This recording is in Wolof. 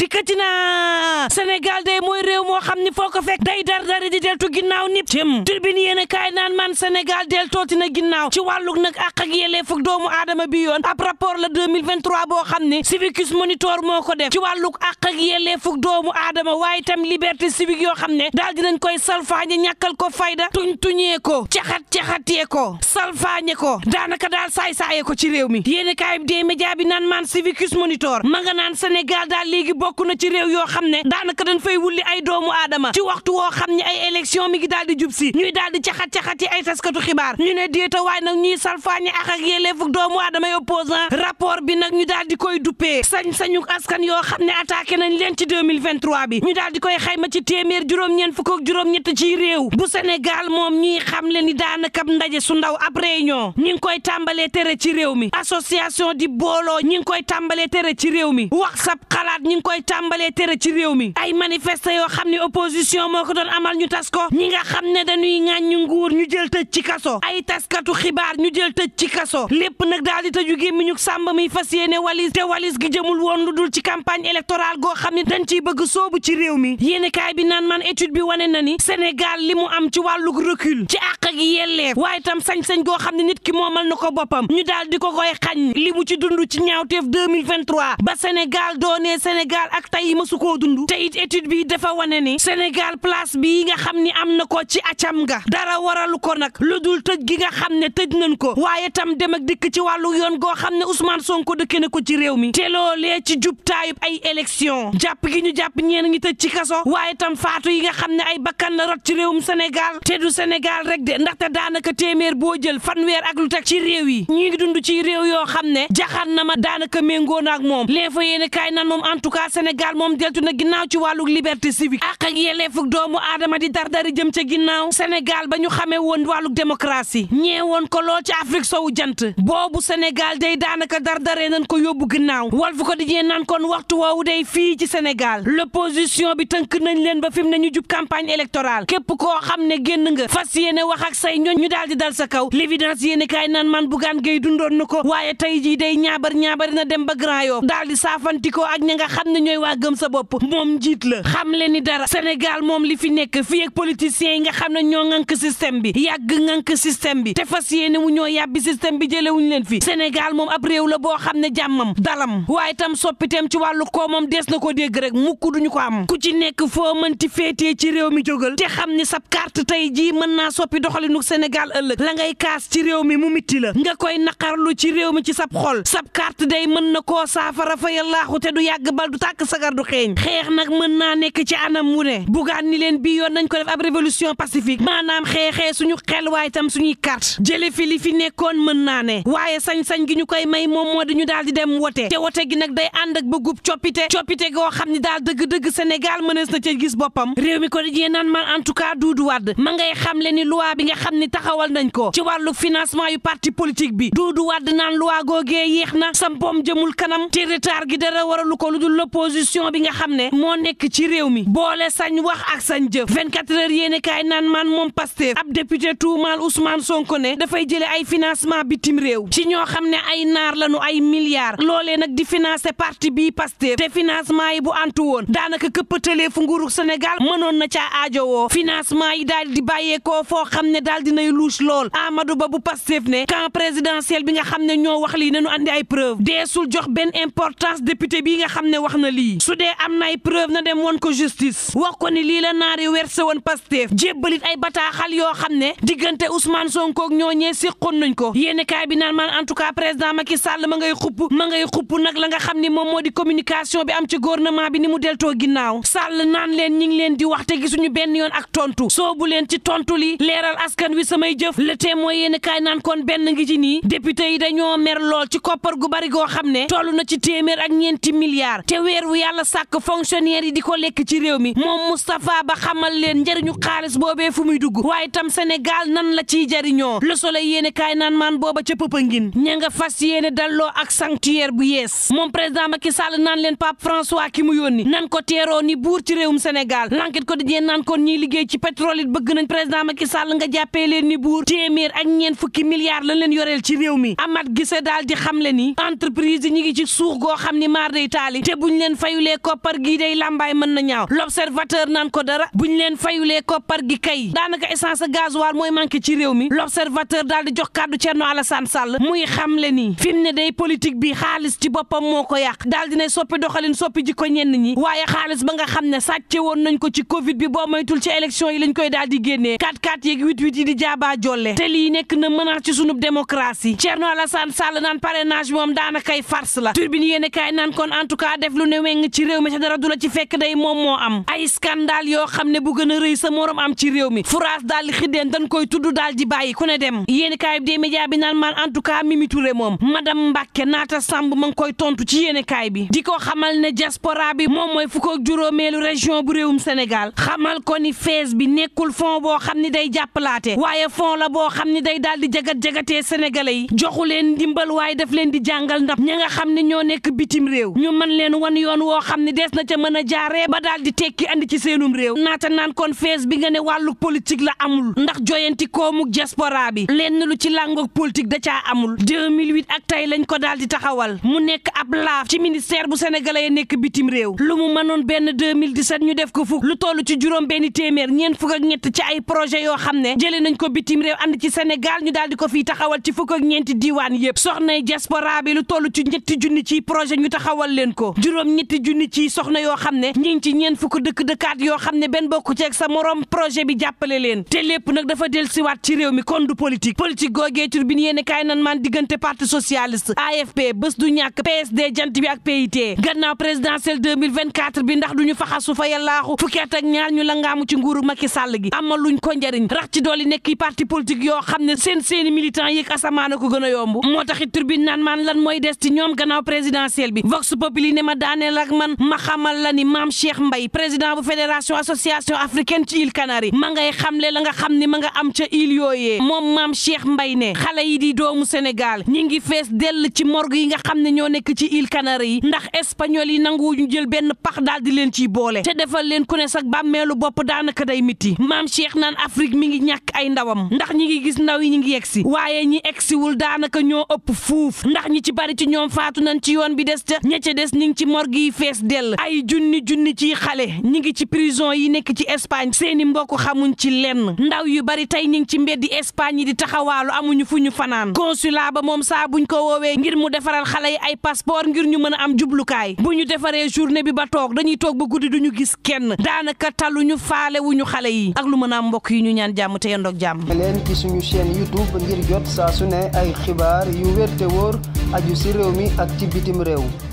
dikkati naa Sénégal day mooy réew moo xam ni foo ko fekk day dar dari di deltu ginnaaw nip jëm turbine yéen naan man senegal del tooti na ginnaaw ci wàllug nag ak ak yelleefug doomu aadama bi yoon ab rapport la 2023 boo xam ne Civicus Monitor moo ko def ci wàllug àq ak yelleefug doomu adama waaye itam liberté civique yoo xam ne daal dinañ koy salfaañe ñàkkal ko fayda tuñ tuñee ko caxat caxatee ko salfaañe ko daanaka daal saay saaye ko ci réew mi yéen a kaay des média bi naan man Civicus Monitor ma nga naan Sénégal daal léegi bokk na ci réew yoo xam ne daanaka dañ fay wulli ay doomu aadama ci waxtu woo xam mi ngi daal di jub si ñuy daal di caxat-caxat yi ay taskatu xibaar ñu ne déeta waay nag doomu aadama yi opposant bi nag ñu daal di koy duppee sañ-sañu askan yoo xam ne attaqué nañ leen ci 2023 bi ñu daal di koy xayma ci téeméer juróom ñeen fukk ak juróom-ñett ci réew bu Sénégal moom ñuy xam le ni daanaka ndaje su ndaw ab réunion ñi ngi koy tàmbalee tere ci réew mi association di booloo ñi ngi koy tàmbalee tere ci réew mi wax xalaat ñi koy koy tàmbalee tere ci réew mi ay manifeste yoo xam ne opposition moo ko doon amal ñu tas ko ñi nga xam ne dañuy ŋàññi nguur ñu jël tëj ci kaso ay taskatu xibaar ñu jël tëj ci kaso lépp nag daal di tëju gémmi ñu sàmba muy fas yéene walis te walis gi jëmul woon lu dul ci campagne électorale goo xam ne dañ ciy bëgg soobu ci réew mi yéene kaay bi naan man étude bi wane na ni Sénégal li mu am ci wàllug recul ci àq gi yelleef waaye tam sañ-sañ goo xam ne nit ki moomal na ko boppam ñu daal di ko koy xañ li mu ci dund ci ñaawteef 2023 ba Sénégal doonee Sénégal ak tey mësu koo dund te it étude bi dafa wane ni Sénégal place bi nga xam ni am na ko ci acam ga dara waral ko nag lu dul tëj gi nga xam ne tëj nañ ko waaye tam dem ak dikk ci wàllu yoon goo xam ne Ousmane Sonko dëkke na ko ci réew mi te loolee ci jub taayub ay élection jàpp gi ñu jàpp ñeen ngi tëj ci kaso waaye tam faatu yi nga xam ne ay bakkan la rot ci réewum Sénégal te du Sénégal rek de ndaxte daanaka téeméer boo jël fanweer ak lu teg ci réew yi ñi ngi dund ci réew yoo xam ne jaxan na ma daanaka méngoo na ak moom lee fa yéene kaay nan moom en tout cas Sénégal moom deltu na ginnaaw ci wàllu liberté civique ak ak yelleefug doomu aadama di dardari jëm ca ginnaaw Sénégal ba ñu xamee woon wàllu démocratie won ko lool ci Afrique sow jant boobu Sénégal day daanaka dardaree nañ ko yóbbu ginnaaw di Quotidien naan kon waxtu woowu day fii ci Sénégal l'opposition bi tënk nañ leen ba fi mu ne ñu jub campagne électorale képp koo xam ne génn nga fas yéene wax ak say ñoñ ñu daal di dal sa kaw l'évidence yéene kaay naan man bugaan gay dundoon na ko waaye tey jii day ñaabar ñaabari na dem ba Grand Yoff daal ak ña nga xam ñooy waa gëm sa bopp moom njiit la xam le ni dara Sénégal moom li fi nekk fii ak politiciens yi nga xam ne ñoo ŋànk système bi yàgg ŋànk système bi te fas yéene wu ñoo yàbbi système bi jëlewuñu leen fi Sénégal moom ab réew la boo xam ne jàmmam dalam waaye tam soppiteem ci wàllu koomam des na ko dégg rek mukk duñu ko am ku ci nekk foo mënti féetee ci réew mi jógal te xam ni sab carte tey jii mën naa soppi doxalinu Sénégal ëllëg la ngay kaas ci réew mi mu mitti la nga koy naqarlu ci réew mi ci sab xol sab carte day mën na koo saafara fa du yàgg sàkk sagar du xeeñ xeex nag mën naa nekk ci anam mu ne bugaan ni leen bii yoon nañ ko def ab révolution pacifique maanaam xeexee suñu xel waaye tam suñuy carte jële fi li fi nekkoon mën naa ne waaye sañ-sañ gi ñu koy may moom moo ñu daal di dem wote te wote gi nag day ànd ak bëggub coppite coppite goo xam ni daal dëgg-dëgg Sénégal mënees na ca gis boppam réew mi ko dajee nan man en tout cas Doudou Wade ma ngay xam le ni loi bi nga xam ni taxawal nañ ko ci wàllu financement yu parti politique bi Doudou Wade naan loi googee yéex na sa boom jëmul kanam te retard gi dara waralu opposition bi nga xam ne moo nekk ci réew mi boole sañ wax ak sañ jëf 24 heures yéene kaay naan man moom Pastef ab député tuumaal Ousmane Sonko ne dafay jëlee ay financement bitim réew ci ñoo xam ne ay naar lañu ay milliards loolee nag di financer parti bii Pastef te financement yi bu antu woon daanaka këppatalee fu nguuru Sénégal mënoon na caa aajowoo financement yi daal di bàyyeekoo foo xam ne daal dinay louche lool Amadou Ba bu Pastef ne camp bi nga xam ne ñoo wax lii nañu andi ay preuve deesul jox benn na lii su dee am nay preuve na dem woon ko justice wax ko ni lii la naar yi werse woon Pastef jébbalit ay bataaxal yoo xam ne diggante Ousmane Sonko ak ñooñee séqoon nañ ko yéeni kaay bi naan man en tout cas président Macky Sall ma ngay xupp ma ngay xupp nag la nga xam ni moom moo di communication bi am ci gouvernement bi ni mu deltoo ginnaaw Sall naan leen ñi ngi leen di wax te gisuñu benn yoon ak tontu soobu leen ci tontu li leeral askan wi samay jëf le témoin yéeni kaay naan kon benn ngi ci nii député yi dañoo mer lool ci koppar gu bari goo xam ne toll na ci téeméer ak ñeenti milliards weer wu yàlla sàkk yi di ko lekk ci réew mi moom Moustapha Ba xamal leen njëriñu xaalis boobee fu muy dugg waaye tam senegal nan la ciy jariñoo Le Soleil yéene kaay naan maan booba ca Popenguine ña nga fas yéene dalloo ak sanctuaire bu yees moom président Macky sal naan leen Pape François ki mu yónni nan ko teeroo ni buur ci réewum ko L'Enquête Quotidien nan kon ñiy liggéey ci pétrole it bëgg nañ président Macky Sall nga jàppee leen ni buur téeméer lañ leen yoreel ci réew mi Amath Gisse ngi ci suux goo xam leen fayulee koppar gi day làmbaay mën na ñaaw l'observateur naan ko dara buñ leen fayulee koppar gi kay daanaka essence gasoil mooy manqué ci réew mi l'observateur daal di jox kàddu Thierno Alassane Sall muy xam le nii fi mu ne day politique bi xaalis ci boppam moo ko yàq daal dinay soppi doxalin soppi jikko ñenn ñi waaye xaalis ba nga xam ne sàcce woon nañ ko ci covid bi boo maytul ci élection yi lañ koy daal di génnee 4 4 yeeg 8 8 di jaabaa jolle te lii nekk na menace ci sunub démocratie Thierno Alassane Sall naan parrainage moom daanakay la turbine yéene kaay naan kon en tout cas def lu ne weng ci réew mi te dara du ci fekk day moom moo am ay scandale yoo xam ne bu gën a rëy sa morom am ci réew mi France daal di xiddeen dañ koy tudd daal di bàyyi ku ne dem yéeni kaay bi dee média bi naan maan en tout cas Mimi moom moom madame Mbacke naata Samb ma ngi koy tontu ci yéeni kaay bi di ko xamal ne diaspora bi moom mooy fukk ak juróomeelu région bu réewum Sénégal xamal ko ni fees bi nekkul fond boo xam ni day jàppalaate waaye fond la boo xam ni day daal di jagat-jagatee sénégalais yi joxu leen ndimbal waaye daf leen di jàngal ndax ña nga xam ne ñoo nekk bitim réew yoon woo xam ne des na ca mën a jaaree ba daal di tekki andi ci seenum réew naata naan kon fees bi nga ne wàllu politique la amul ndax joyanti koomuk diaspora bi lenn lu ci làngoog politique da caa amul 2008 ak tey lañ ko daal di taxawal mu nekk ab laaf ci ministère bu sénégalais nekk bitim réew lu mu mënoon benn 2017 ñu def ko fukk lu toll ci juróom benn téeméer ñeent fukk ñett ci ay projet yoo xam ne jëlee nañ ko bitim ànd ci Sénégal ñu daal di ko fiy taxawal ci fukk ak ñeenti diiwaan yëpp soxnay diaspora bi lu toll ci ñetti junni ci projet ñu taxawal leen ko ñetti junni ci soxna yoo xam ne ñi ngi ci ñeen fukk dëkk-dëkkaat yoo xam ne benn bokku ceeg sa morom projet bi jàppale leen te lépp nag dafa del siwaat ci réew mi kon du politique politique googee tur bi yéen kaay nan maan diggante parti socialiste AFP bés du ñàkk PSD jant bi ak PIT gannaaw présidentielle 2024 bi ndax du ñu faxasu fa yàllaaxu fukki at ak ñaar ñu la ngaamu ci nguuru Macky Sall gi amal luñ ko njariñ rax ci dooli nekk parti politique yoo xam ne seen seeni militant yëg asamaana ko gën yomb moo taxit tur bi nan maan lan mooy des ci ñoom gannaaw présidentielle bi waxtaaneel ak man ma xamal la ni maam Cheikh Mbaye président bu fédération association africaine ci îles Canaries ma ngay xamle la nga xam ni ma nga am ca îles yooyee moom maam Cheikh Mbaye ne xale yi di doomu Sénégal ñi ngi fees dell ci morgue yi nga xam ne ñoo nekk ci îles Canaries yi ndax espagnol yi nangu ñu jël benn pax dal di leen ciy boole te defal leen ku ne sax bàmmeelu bopp daanaka day miti maam Cheikh naan Afrique mi ngi ñàkk ay ndawam ndax ñi ngi gis ndaw yi ñi ngi yegsi waaye ñi egsiwul daanaka ñoo ëpp fuuf ndax ñi ci bari ci ñoom faatu nañ ci yoon bi des ca ña des ñi ci morgue morgue fees dell ay junni junni ci xale ñi ngi ci prison yi nekk ci Espagne seeni mbokk xamuñ ci lenn ndaw yu bari tey ñi ngi ci mbeddi Espagne yi di taxawaalu amuñu fu ñu fanaan consulat ba moom saa buñ ko woowee ngir mu defaral xale yi ay passeport ngir ñu mën a am jublukaay bu ñu defaree journée bi ba toog dañuy toog ba guddi duñu gis kenn daanaka taluñu faale wuñu xale yi ak lu mën a am mbokk yi ñu ñaan jàmm te yendoog jàmm leen ci suñu chaîne YouTube ngir jot saa su ne ay xibaar yu wér te wóor aju mi ak ci bitim réew